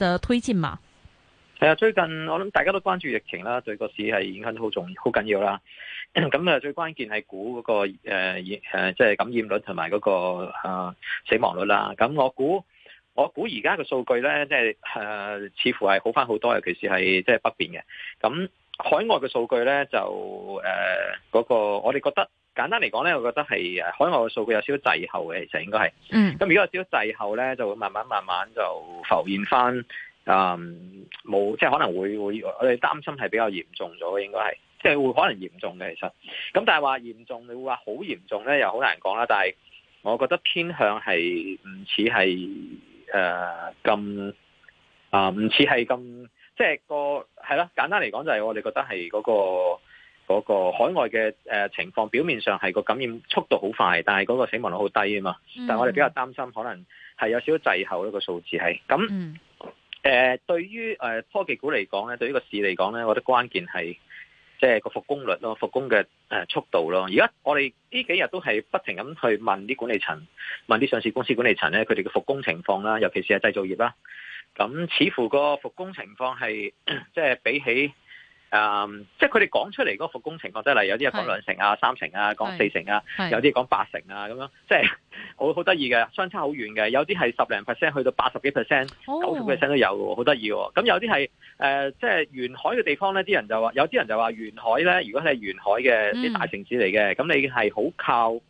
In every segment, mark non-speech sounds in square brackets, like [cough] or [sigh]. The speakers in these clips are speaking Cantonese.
的推進嘛？係啊，最近我諗大家都關注疫情啦，對個市係影響好重、好緊要啦。咁 [laughs] 啊，最關鍵係估嗰個誒，誒、呃，即係感染率同埋嗰個啊、呃、死亡率啦。咁我估，我估而家嘅數據咧，即係誒，似乎係好翻好多，尤其是係即係北邊嘅。咁海外嘅數據咧，就誒嗰、呃嗰個，我哋覺得。簡單嚟講咧，我覺得係海外嘅數據有少少滯後嘅，其實應該係。嗯。咁如果有少少滯後咧，就會慢慢慢慢就浮現翻。嗯。冇，即係可能會會，我哋擔心係比較嚴重咗，應該係，即係會可能嚴重嘅其實。咁但係話嚴重，你會話好嚴重咧，又好難講啦。但係我覺得偏向係唔似係誒咁啊，唔似係咁，即係個係咯。簡單嚟講就係我哋覺得係嗰個。嗰個海外嘅誒、呃、情況，表面上係個感染速度好快，但係嗰個死亡率好低啊嘛。Mm hmm. 但係我哋比較擔心，可能係有少少滯後一、嗰個數字係。咁誒、mm hmm. 呃，對於誒、呃、科技股嚟講咧，對於個市嚟講咧，我覺得關鍵係即係個復工率咯，復工嘅誒、呃、速度咯。而家我哋呢幾日都係不停咁去問啲管理層，問啲上市公司管理層咧，佢哋嘅復工情況啦，尤其是係製造業啦。咁似乎個復工情況係即係比起。誒，um, 即係佢哋講出嚟嗰個復工情況，真係有啲係講兩成啊、三成啊、講四成啊，是是有啲講八成啊，咁樣即係好好得意嘅，相差好遠嘅。有啲係十零 percent 去到八十幾 percent、九十 percent 都有喎，好得意。咁有啲係誒，即係沿海嘅地方咧，啲人，人就話，有啲人就話沿海咧，如果係係沿海嘅啲大城市嚟嘅，咁、嗯、你係好靠。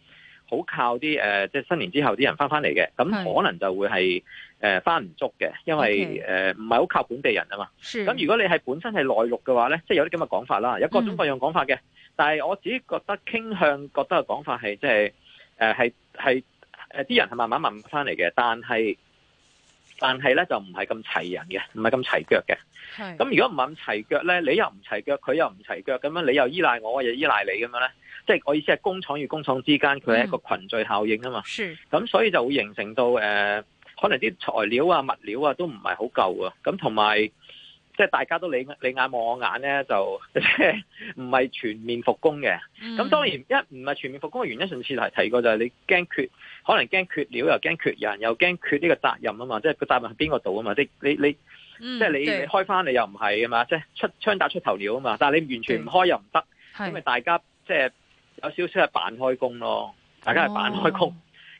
好靠啲誒，即、呃、係新年之後啲人翻翻嚟嘅，咁可能就會係誒翻唔足嘅，因為誒唔係好靠本地人啊嘛。咁是如果你係本身係內陸嘅話咧，即、就、係、是、有啲咁嘅講法啦，有各種各樣講法嘅。嗯、但係我自己覺得傾向覺得嘅講法係即係誒係係誒啲人係慢慢慢慢翻嚟嘅，但係但係咧就唔係咁齊人嘅，唔係咁齊腳嘅。咁是如果唔係咁齊腳咧，你又唔齊腳，佢又唔齊腳，咁樣你又依賴我，又依賴你咁樣咧？即係我意思係工廠與工廠之間，佢係一個群聚效應啊嘛。咁、嗯、所以就會形成到誒、呃，可能啲材料啊、物料啊都唔係好夠啊。咁同埋，即係大家都你你眼望我眼咧，就即係唔係全面復工嘅。咁、嗯、當然一唔係全面復工嘅原因，上次係提過就係你驚缺，可能驚缺料又驚缺人，又驚缺呢個責任啊嘛。即係個責任係邊個度啊嘛？你你你，即係你你開翻你又唔係啊嘛？即係出槍打出頭鳥啊嘛。但係你完全唔開又唔得，對因為大家即係。有少少係扮開工咯，大家係扮開工。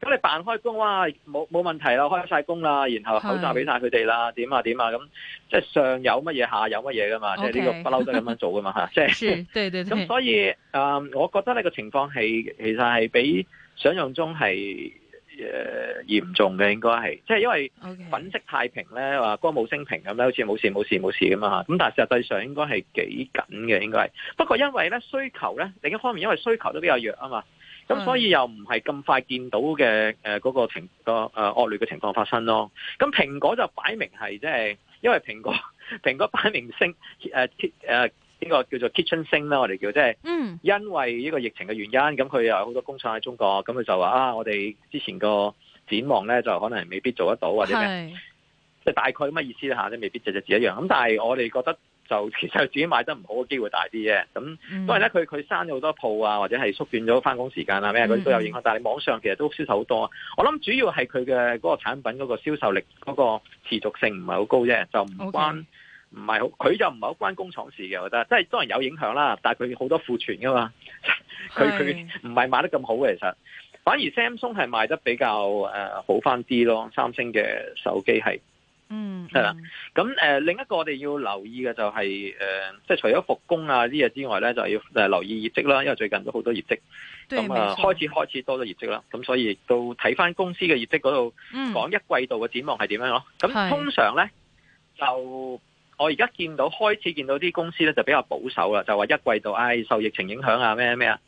咁、oh. 你扮開工，哇，冇冇問題啦，開晒工啦，然後口罩俾晒佢哋啦，點啊點啊，咁、啊、即係上有乜嘢下有乜嘢噶嘛，Okay. 即係呢個不嬲都係咁樣做噶嘛吓，即係咁所以，誒、呃，我覺得呢、呢個情況係其實係比想象中係誒，嚴、呃、重嘅應該係，即係因為粉飾太平咧，話歌舞升平咁咧，好似冇事冇事冇事咁嘛。咁但係實際上應該係幾緊嘅，應該係。不過因為咧需求咧另一方面，因為需求都比較弱啊嘛，咁所以又唔係咁快見到嘅誒嗰個、呃呃、惡情個誒惡劣嘅情況發生咯。咁蘋果就擺明係即係，因為蘋果蘋果擺明升誒誒。呃呃呢個叫做 Kitchen 星啦，我哋叫即係，因為呢個疫情嘅原因，咁佢又有好多工廠喺中國，咁佢就話啊，我哋之前個展望咧，就可能未必做得到或者什麼，即係是大概咁乜意思下咧，未必隻隻字一樣。咁但係我哋覺得就其實自己賣得唔好嘅機會大啲啫。咁因為咧，佢佢閂咗好多鋪啊，或者係縮短咗翻工時間啊，咩嗰啲都有影響。嗯、但係網上其實都銷售好多。我諗主要係佢嘅嗰個產品嗰個銷售力嗰個持續性唔係好高啫，就唔關。Okay. 唔係好，佢就唔係好關工廠事嘅，我覺得，即係當然有影響啦。但係佢好多庫存噶嘛，佢佢唔係賣得咁好嘅，其實反而 Samsung 係賣得比較誒好翻啲咯，三星嘅手機係，嗯係啦。咁誒的、嗯呃，另一個我哋要留意嘅就係、是、誒、呃，即係除咗復工啊啲嘢之外咧，就要誒留意業績啦。因為最近都好多業績，咁啊開始開始多咗業績啦。咁所以亦都睇翻公司嘅業績嗰度，講、嗯、一季度嘅展望係點樣咯。咁是通常咧就。我而家見到開始見到啲公司咧就比較保守啦，就話一季度唉、哎、受疫情影響啊咩咩啊，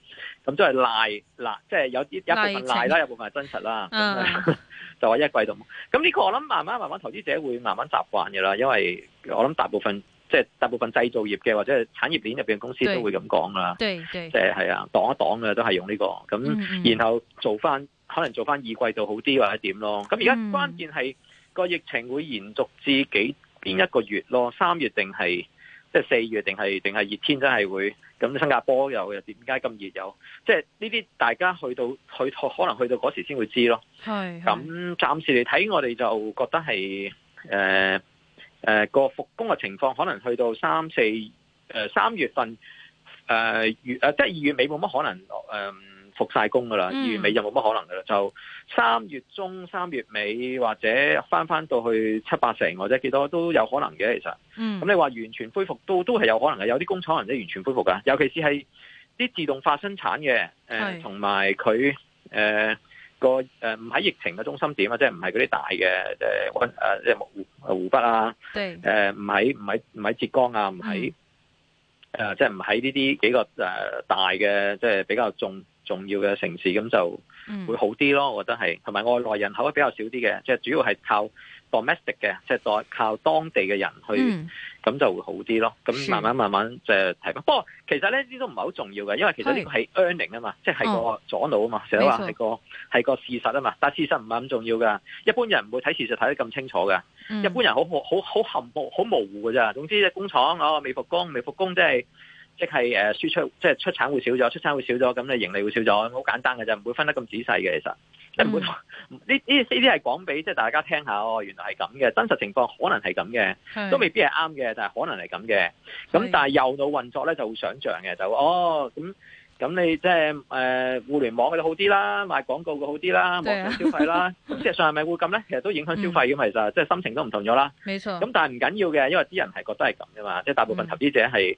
咁都係賴嗱，即係、就是、有啲一部分賴啦，情有部分係真實啦，嗯嗯、 [laughs] 就話一季度。咁呢個我諗慢慢慢慢投資者會慢慢習慣嘅啦，因為我諗大部分即係、就是、大部分製造業嘅或者產業鏈入邊嘅公司都會咁講啦，即係係啊擋一擋嘅都係用呢、這個，咁然後做翻、嗯、可能做翻二季度好啲或者點咯。咁而家關鍵係個、嗯、疫情會延續至幾？邊一個月咯？三月定係即係四月定係定係熱天真會，真係會咁，新加坡又又點解咁熱有？即係呢啲大家去到去可能去到嗰時先會知咯。係咁暫時嚟睇，我哋就覺得係誒誒個復工嘅情況，可能去到三四誒、呃、三月份誒月誒即係二月尾冇乜可能誒復晒工噶啦，二、嗯、月尾就冇乜可能噶啦就。三月中、三月尾或者翻翻到去七八成或者幾多都有可能嘅，嗯、其實，咁你話完全恢復都都係有可能嘅，有啲工廠可能完全恢復噶，尤其是係啲自動化生產嘅，誒同埋佢誒個誒唔喺疫情嘅中心點啊，即係唔係嗰啲大嘅誒誒即係湖湖，湖北啊，誒唔喺唔喺唔喺浙江啊，唔喺誒即係唔喺呢啲幾個誒、呃、大嘅即係比較重重要嘅城市咁就。嗯、會好啲咯，我覺得係，同埋外來人口比較少啲嘅，即、就、係、是、主要係靠 domestic 嘅，即、就、係、是、靠當地嘅人去，咁、嗯、就會好啲咯。咁慢慢是慢慢就提高。不過其實呢啲都唔係好重要嘅，因為其實呢個係 earning 啊嘛，是即係個左腦啊嘛，成日係話係個係個事實啊嘛。但係事實唔係咁重要噶，一般人唔會睇事實睇得咁清楚噶。嗯、一般人好好好好含糊好模糊噶咋。總之廠，即工廠哦，未復工，未復工，即係。即係誒輸出，即係出產會少咗，出產會少咗，咁你盈利會少咗，好簡單嘅啫，唔會分得咁仔細嘅其實。即係唔會呢呢呢啲係講俾即係大家聽下哦，原來係咁嘅，真實情況可能係咁嘅，是都未必係啱嘅，但係可能係咁嘅。咁是但係右腦運作咧就會想像嘅，就哦咁咁你即係誒互聯網嘅好啲啦，賣廣告嘅好啲啦，對網上消費啦，事 [laughs] 實上係咪會咁咧？其實都影響消費嘅，嗯、其實即係心情都唔同咗啦。冇錯。咁但係唔緊要嘅，因為啲人係覺得係咁嘅嘛，即係大部分投資者係。嗯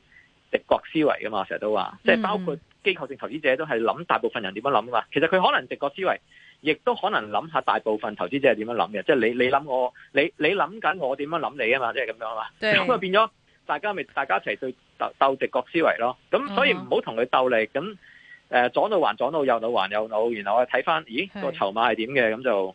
直覺思維噶嘛，成日都話，即係包括機構性投資者都係諗大部分人點樣諗啊嘛。其實佢可能直覺思維，亦都可能諗下大部分投資者係點樣諗嘅。即係你你諗我，你你諗緊我點樣諗你啊嘛，即係咁樣啊嘛。咁啊對 變咗，大家咪大家一齊對鬥鬥直覺思維咯。咁所以唔好同佢鬥力。咁誒，左腦還左腦，右腦還右腦，然後我睇翻，咦個籌碼係點嘅，咁就。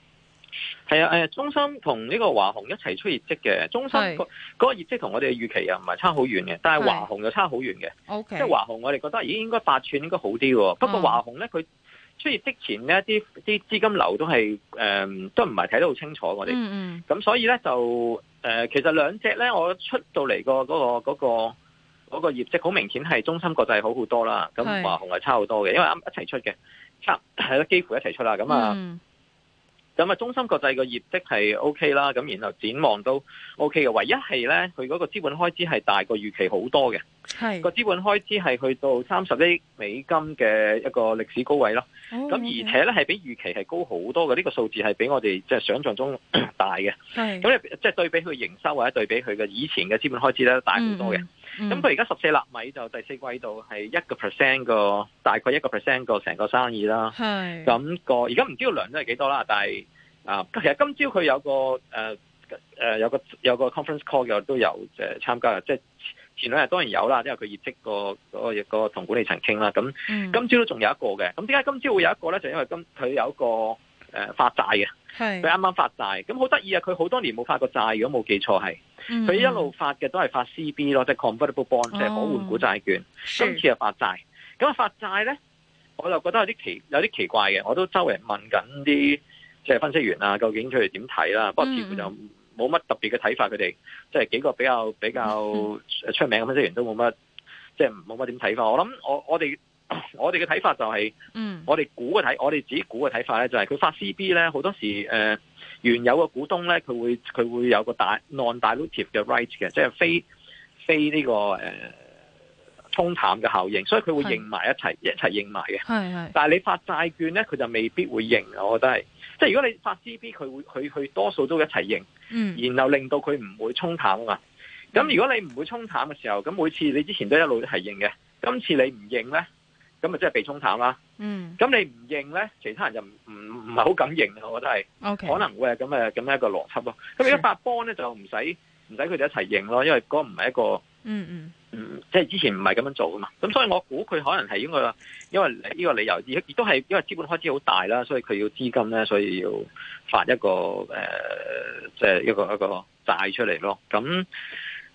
係啊，中心同呢個華虹一齊出業績嘅，中心、嗰個是個業績同我哋嘅預期又唔係差好遠嘅，是但係華虹 Okay 又差好遠嘅。O K，即係華虹我哋覺得，咦，應該八寸應該好啲喎。嗯、不過華虹咧，佢出業績前咧，啲啲資金流都係誒、嗯，都唔係睇得好清楚我。我哋咁所以咧就、呃、其實兩隻咧，我出到嚟、嗰個、嗰個、嗰個業績，好明顯係中心國際好好多啦。咁華虹係差好多嘅，是因為啱一齊出嘅，差係啦，幾乎一齊出啦。咁啊。嗯咁啊，中芯國際嘅業績係 OK 啦，咁然後展望都 OK 嘅，唯一係咧，佢嗰個資本開支係大過預期好多嘅，個係資本開支係去到三十億美金嘅一個歷史高位咯。咁、oh, 而且咧係 okay, 比預期係高好多嘅，呢個數字係比我哋即係想像中大嘅。咁你即係對比佢營收或者對比佢嘅以前嘅資本開支咧，大好多嘅。嗯咁佢而家十四納米就第四季度係一個 percent 個大概一個 percent 個成個生意啦。咁是、那個而家唔知個量都係幾多啦，但係啊、呃，其實今朝佢有個誒、呃呃、有個有個 conference call 又都有誒參、呃、加啦，即、就、係、是、前兩日當然有啦，因為佢業績、那個個個同管理層傾啦。咁、嗯、今朝都仲有一個嘅，咁點解今朝會有一個咧？就因為今佢有一個。誒、呃、發債嘅，佢啱啱發債，咁好得意啊！佢好多年冇發過債，如果冇記錯係，佢、嗯、哼一路發嘅都係發 C B 咯，即係 Convertible Bond，即係可換股債券。是今次又發債，咁發債咧，我就覺得有啲奇，有啲奇怪嘅。我都周圍問緊啲即係分析員啊，究竟佢哋點睇啦？不過似乎就冇乜特別嘅睇法，佢哋即係幾個比較比較出名嘅分析員都冇乜，即係冇乜點睇法。我諗我我哋。 [laughs] 我哋嘅睇法就係，我哋估嘅睇，我哋自己估嘅睇法咧就係，佢發 C B 咧好多時，誒、呃、原有嘅股東咧佢會佢會有個大 non dilutive 嘅 right 嘅，即係、right 就是、非非呢、這個誒沖、呃、淡嘅效應，所以佢會認埋一齊是一齊認埋嘅。係但係你發債券咧，佢就未必會認，我覺得係。即係如果你發 C B 佢會佢佢多數都一齊認，嗯、然後令到佢唔會沖淡啊嘛。咁如果你唔會沖淡嘅時候，咁每次你之前都一路都係認嘅，今次你唔認咧？咁咪即係被沖淡啦。嗯。咁你唔認咧，其他人就唔唔係好敢認。我覺得係。O K。可能會係咁咁樣一個邏輯咯。咁你一發波咧，就唔使唔使佢哋一齊認咯，因為嗰個唔係一個。嗯嗯。嗯。即係之前唔係咁樣做噶嘛。咁所以我估佢可能係應該啦，因為呢個理由，而亦都係因為資本開支好大啦，所以佢要資金咧，所以要發一個誒，即係一個一個債出嚟咯。咁誒、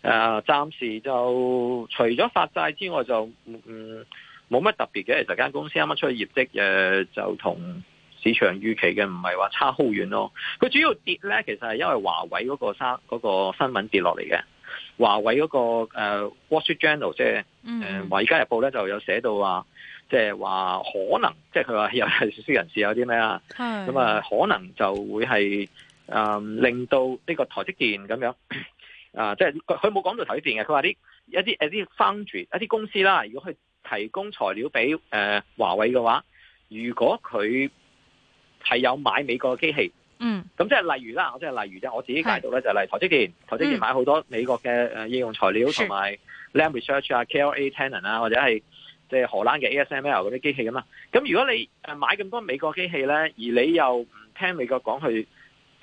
呃，暫時就除咗發債之外就，就嗯。冇乜特別嘅，其實間公司啱啱出去業績，呃，就同市場預期嘅唔係話差好遠咯。佢主要跌咧，其實係因為華為嗰個，嗰個新新聞跌落嚟嘅。華為嗰、嗰個、呃、Wall Street Journal 即》即係誒《華爾街日報》咧就有寫到話，即係話可能，即係佢話有係消息人士有啲咩啊？咁啊的，可能就會係誒、呃、令到呢個台積電咁樣啊、呃，即係佢冇講到台積電嘅，佢話啲一啲誒啲 fund，一啲公司啦，如果佢。提供材料俾誒、呃、華為嘅話，如果佢係有買美國嘅機器，嗯，咁即係例如啦，我即係例如咧，我自己解讀咧是就係台積電，台積電買好多美國嘅誒應用材料同埋 Lam Research 啊、KLA Tenon 啊，或者係即係荷蘭嘅 ASML 嗰啲機器咁啊。咁如果你誒買咁多美國機器咧，而你又唔聽美國講去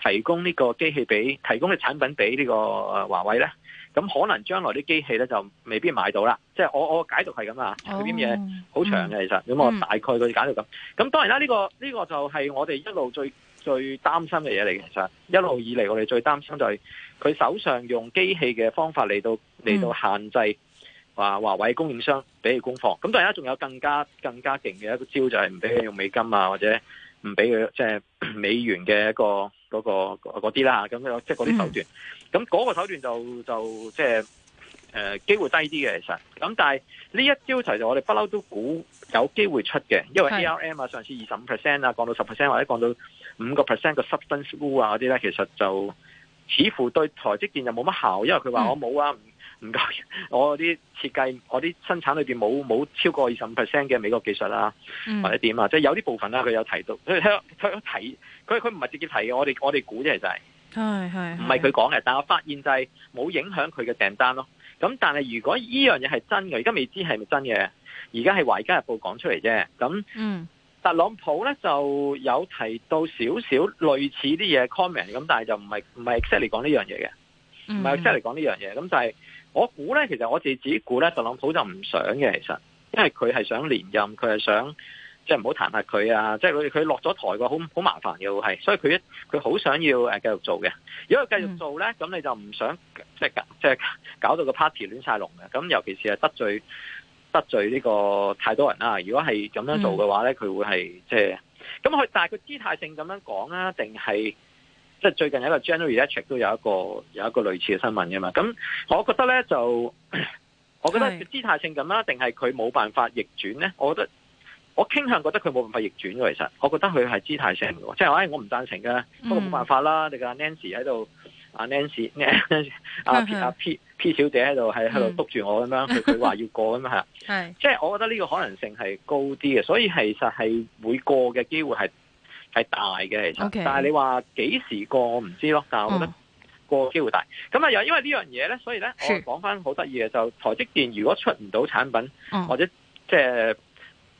提供呢個機器俾提供嘅產品俾呢、這個、呃、華為咧？咁可能將來啲機器咧就未必買到啦，即係我我解讀係咁啊，佢啲嘢好長嘅其實，咁我大概啲解讀咁。咁、嗯、當然啦，呢個呢個就係我哋一路最最擔心嘅嘢嚟。其實一路以嚟我哋最擔心就係佢手上用機器嘅方法嚟到嚟到限制華華為供應商俾佢供貨。咁、嗯、當然啦，仲有更加更加勁嘅一個招就係唔俾佢用美金啊，或者唔俾佢即係美元嘅一個。嗰、嗰個嗰啲啦，咁即係嗰啲手段，咁嗰個手段就就即係誒機會低啲嘅其實，咁但係呢一招其實我哋不嬲都估有機會出嘅，因為 ARM 啊，上次二十五 percent 啊，降到十 percent 或者降到五個 percent 嘅 substance rule 啊嗰啲咧，其實就似乎對台積電就冇乜效，因為佢話我冇啊。唔該， [laughs] 我啲設計，我啲生產裏面冇冇超過二十五 percent 嘅美國技術啦、啊，嗯、或者點啊？即、就、係、是、有啲部分啦、啊，佢有提到，佢有睇，佢佢唔係直接提嘅，我哋我哋估嘅就係、是，係係唔係佢講嘅。是是是但係我發現就係冇影響佢嘅訂單咯。咁但係如果依樣嘢係真嘅，而家未知係咪真嘅。而家係《華爾街日報》講出嚟啫。咁，嗯、特朗普咧就有提到少少類似啲嘢 comment，咁但係就唔係唔係 exactly 講呢樣嘢嘅，唔係 exactly 講呢樣嘢，咁、嗯、就係我估咧，其實我自己估咧，特朗普就唔想嘅，其實，因為佢係想連任，佢係想即係唔好彈劾佢啊，即係佢佢落咗台個好好麻煩嘅，係，所以佢佢好想要誒繼續做嘅。如果佢繼續做咧，咁你就唔想即係即係搞到個 party 亂晒龍嘅。咁尤其是係得罪得罪呢個太多人啦、啊。如果係咁樣做嘅話咧，佢、嗯、會係即係咁佢，但係佢姿態性咁樣講啦、啊，定係？即係最近喺個 general research 都有一個有一個類似嘅新聞嘅嘛，咁我覺得咧就，我覺得姿態性咁啦，定係佢冇辦法逆轉咧？我覺得我傾向覺得佢冇辦法逆轉嘅，其實我覺得佢係姿態性嘅，即係唉，我唔贊成嘅，不過冇辦法啦。嗯、你個 Nancy 喺度，阿 Nancy 阿阿 P P 小姐喺度喺喺度督住我咁樣，佢佢話要過咁樣係，即係 [laughs] 的我覺得呢個可能性係高啲嘅，所以其實係會過嘅機會係。係大嘅其實，Okay. 但係你話幾時過我唔知咯，但係我覺得過機會大。咁啊又因為呢樣嘢咧，所以咧我講翻好得意嘅就台積電如果出唔到產品，嗯、或者即係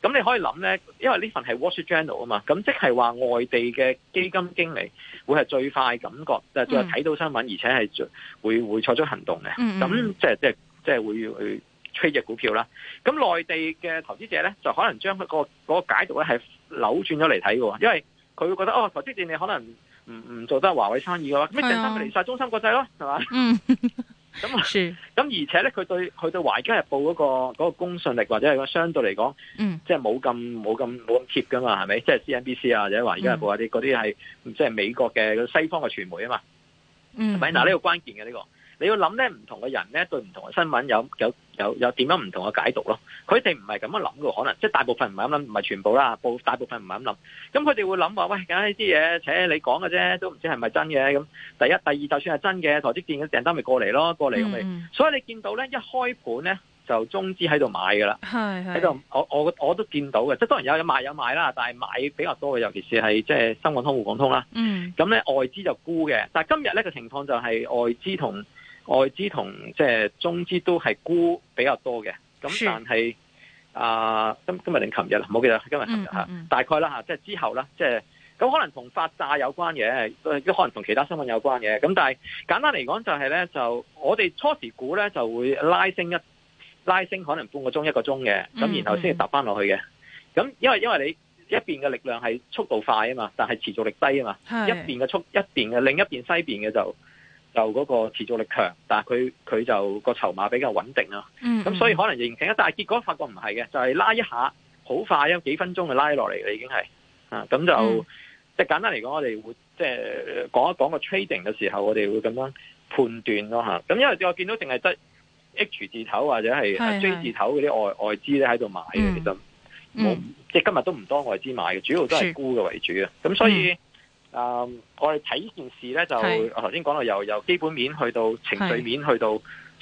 咁你可以諗咧，因為呢份係 Wall Street Journal 啊嘛，咁即係話外地嘅基金經理會係最快感覺，就係睇到新聞，而且係最會會採取行動嘅。咁即係即係即係會去追隻股票啦。咁內地嘅投資者咧就可能將、那個嗰、那個解讀咧係扭轉咗嚟睇嘅喎，因為佢會覺得哦，台積電你可能唔唔做得華為生意嘅話，咁啲訂單咪嚟晒中芯國際咯，係嘛？嗯，咁咁而且咧，佢對佢對《對華爾街日報嗰、那個嗰、那個公信力或者係相對嚟講即係冇咁冇咁冇咁貼噶嘛，係咪？即、就、係、是、C N B C 啊，或者《華爾街日報嗰啲，嗰啲係即係美國嘅西方嘅傳媒啊嘛，嗯，係咪？嗱呢、這個關鍵嘅呢個你要諗咧，唔同嘅人咧對唔同嘅新聞有有有有點樣唔同嘅解讀咯。佢哋唔係咁樣諗嘅，可能即係大部分唔係咁諗，唔係全部啦。部大部分唔係咁諗。咁佢哋會諗話：喂，梗係呢啲嘢，且你講嘅啫，都唔知係咪真嘅。咁第一、第二，就算係真嘅，台積電嘅訂單咪過嚟咯，過嚟咁咪。所以你見到咧，一開盤咧就中資喺度買嘅啦，喺度是是 我我我都見到嘅。即係當然有賣有賣有買啦，但係買比較多嘅尤其實係即係深港通、滬港通啦。咁咧、嗯、外資就沽嘅，但係今日呢個情況就係外資同。外資同即係中資都係沽比較多嘅，咁但係啊今今日定琴日啦，冇記得今日琴日吓，大概啦吓，即、啊、係、就是、之後啦，即係咁可能同發債有關嘅，都、呃、可能同其他新聞有關嘅，咁但係簡單嚟講就係咧，就我哋初時估咧就會拉升一拉升，可能半個鐘一個鐘嘅，咁然後先至踏翻落去嘅，咁、嗯、因為因為你一邊嘅力量係速度快啊嘛，但係持續力低啊嘛，是一邊嘅速一邊嘅另一邊西邊嘅就。就嗰個持續力強，但係佢佢就個籌碼比較穩定啦、啊、咁、嗯、所以可能認定一，但係結果發覺唔係嘅，就係、是、拉一下，好快有幾分鐘就拉落嚟嘅已經係啊。咁就即係、嗯、簡單嚟講，我哋會即係、就是、講一講個 trading 嘅時候，我哋會咁樣判斷咯、啊、咁因為我見到淨係得 H 字頭或者係 J 字頭嗰啲外的外資咧喺度買嘅，嗯、其實冇、嗯、即係今日都唔多外資買嘅，主要都係沽嘅為主嘅。咁的所以。嗯 Um, 我哋睇呢件事咧，就頭先講到由，由由基本面去到情緒面，去到。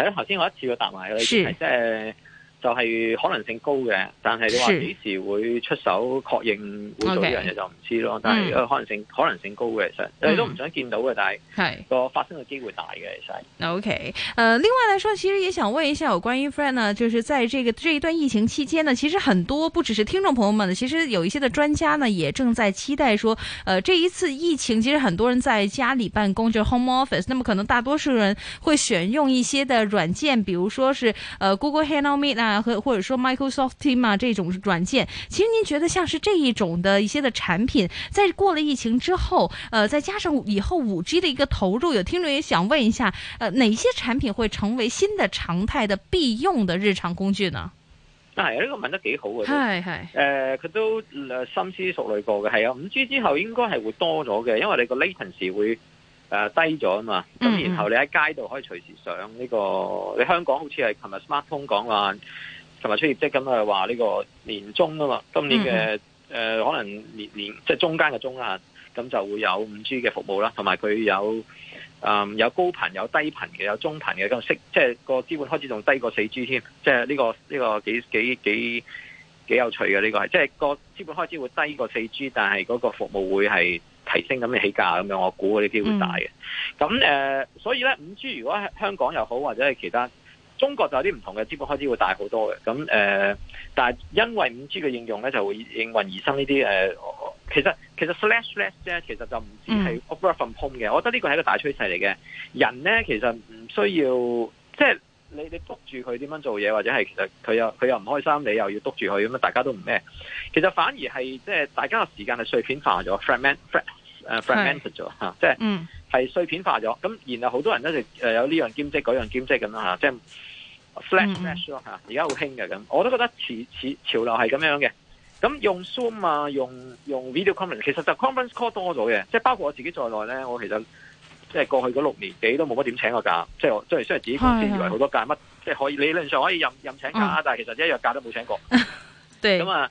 係咯，頭先 [music] 我一次過答埋係即係。是就是就係可能性高嘅，但係你話幾時會出手確認會做呢樣嘢就唔知咯。是 okay. 但係可能性、mm. 可能性高嘅，其實你都唔想見到嘅，但係個發生嘅機會大嘅，其實、mm. 是 OK，呃，另外嚟說其實也想問一下，有關於 Friend 啊，就是在這個這一段疫情期間呢，其實很多不只是聽眾朋友們，其實有一些的專家呢，也正在期待說誒、呃，這一次疫情，其實很多人在家裏辦公，就是、home office，那麼可能大多數人會選用一些的軟件，比如說是誒、呃、Google Hangout Meet 啦。啊，或或者說 Microsoft Team 啊，這種軟件，其實您覺得像是這一種的一些的產品，在過了疫情之後，呃，再加上以後五 G 的一個投入，有聽眾也想問一下，呃，哪些產品會成為新的常態的必用的日常工具呢？啊，呢個問得幾好啊！係係，誒唉，佢、呃、都誒、嗯、深思熟慮過嘅，係啊，五 G 之後應該係會多咗嘅，因為你個 latency 會。誒、呃，低咗啊嘛，咁然後你喺街度可以隨時上呢、這個，mm hmm. 你香港好似係琴日 smart 通講話，琴日出業績咁啊話呢個年終啊嘛，今年嘅誒、mm hmm. 呃、可能年年即係中間嘅中啊，咁就會有五 G 嘅服務啦，同埋佢有誒、呃、有高頻有低頻嘅，有中頻嘅咁樣，即係個資本開支仲低過四 G 添，這個這個這個，即係呢個呢個幾幾幾幾有趣嘅呢個係，即係個資本開支會低過四 G，但係嗰個服務會係。提升咁嘅起價咁樣，我估嗰啲機會大嘅。咁誒、嗯呃，所以咧五 G 如果喺香港又好，或者係其他中國就有啲唔同嘅，資本開支會大好多嘅。咁、呃、誒，但係因為五 G 嘅應用咧，就會應運而生呢啲誒，其實其實 slash s l 咧，其實就唔止係 over from home 嘅。嗯、我覺得呢個係一個大趨勢嚟嘅。人咧其實唔需要，即係、嗯、你你督住佢點樣做嘢，或者係其實佢又佢又唔開心，你又要督住佢咁啊，大家都唔咩？其實反而係即係大家嘅時間係碎片化咗 f r i e man 誒，fragmented 咗吓，即係係碎片化咗。咁、嗯、然後好多人一直誒有呢樣兼職，嗰樣兼職咁啦吓，即、就、係、是、flash match 咯吓，而家好興嘅咁。我都覺得潮潮潮流係咁樣嘅。咁用 Zoom 啊，用用 video conference，其實就 conference call 多咗嘅。即係包括我自己在內咧，我其實即係過去嗰六年幾都冇乜點請過假。即係即係雖然自己公司以為好多假，乜、嗯、即係可以理論上可以任任請假，嗯、但係其實一日假都冇請過。 [laughs] 對。咁啊。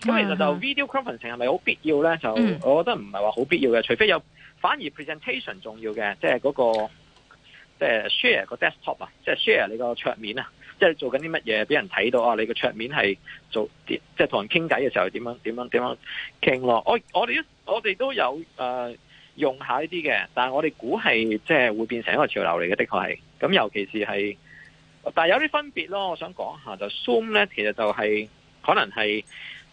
咁其實就 video conferencing 係咪好必要咧？就我覺得唔係話好必要嘅，嗯、除非有反而 presentation 重要嘅，即係嗰個即係、就是、share 個 desktop 啊，即係 share 你個桌面啊，即、就、係、是、做緊啲乜嘢俾人睇到啊？你個桌面係做即係同人傾偈嘅時候點樣點樣點樣傾咯？我我哋我哋都有誒、呃、用下呢啲嘅，但係我哋估係即係會變成一個潮流嚟嘅，的確係。咁尤其是係，但係有啲分別咯。我想講下就 Zoom 咧，其實就係、是、可能係。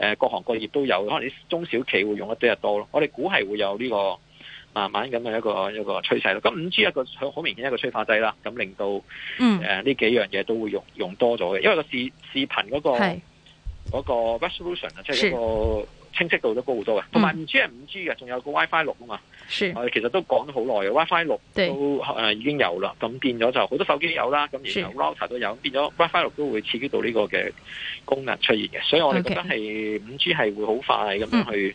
誒各行各業都有，可能啲中小企會用得比較多咯。我哋估係會有呢個慢慢咁嘅一個一個趨勢咯。咁五 G 一個好明顯一個催化劑啦，咁令到誒呢、嗯啊、幾樣嘢都會用用多咗嘅，因為個視視頻嗰個嗰個 resolution 啊，即係一個。清晰度都高好多嘅，同埋五 G 係五 G 嘅，仲有個 WiFi 六啊嘛，我哋是、呃、其實都講咗好耐嘅 WiFi 六都誒對、呃、已經有啦，咁變咗就好多手機都有啦，咁然後 router 都有，變咗 WiFi 六都會刺激到呢個嘅功能出現嘅，所以我哋覺得係五 G 係會好快咁樣去。是嗯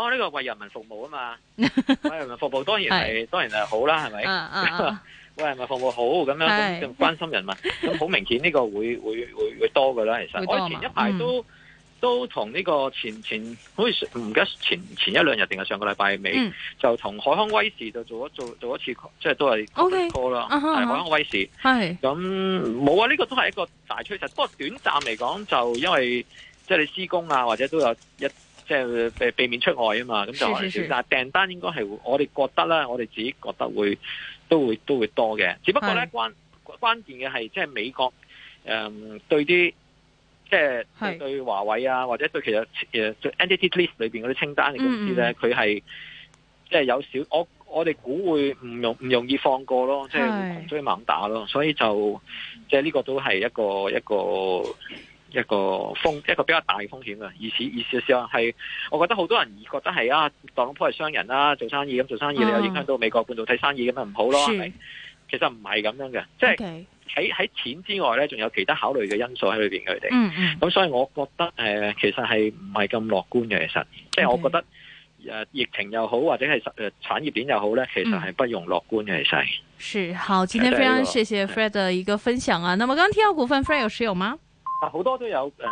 我呢個為人民服務啊嘛，為人民服務當然係當然係好啦，係咪？為為人民服務好咁樣，咁關心人民，咁好明顯呢個會會會會多噶啦，其實。我以前一排都都同呢個前前好似唔記得前前一兩日定係上個禮拜尾，就同海康威視就做一做做一次，即係都係 OK 啦。係海康威視。咁冇啊，呢個都係一個大趨勢，不過短暫嚟講就因為即係你施工啊，或者都有一。即係避免出外啊嘛，咁就，是是是但係訂單應該係我哋覺得啦，我哋自己覺得會都會都會多嘅。只不過咧是關關鍵嘅係即係美國誒、嗯、對啲即係對華為啊，或者對其實誒 e Entity List 裏邊嗰啲清單嘅公司咧，佢係、嗯嗯、即係有少我我哋估會唔容唔容易放過咯，即係是窮追猛打咯。所以就即係呢個都係一個一個。一個一個風，一個比較大的風險嘅，而此而意思話係，我覺得好多人而覺得係啊，特朗普係商人啦、啊，做生意咁做生意，你又影響到美國半導體生意咁咪唔好咯。是是是其實唔係咁樣嘅，即係喺喺錢之外咧，仲有其他考慮嘅因素喺裏邊佢哋。咁、嗯嗯嗯、所以我覺得誒，其實係唔係咁樂觀嘅。其實即係我覺得誒，疫情又好或者係誒產業鏈又好咧，其實係不容樂觀嘅。其實是，是其實 Okay.、呃、好，今天非常謝謝 Fred 嘅一個分享啊。嗯、那麼剛剛提到股份，Fred 有持有嗎？啊，好多都有誒。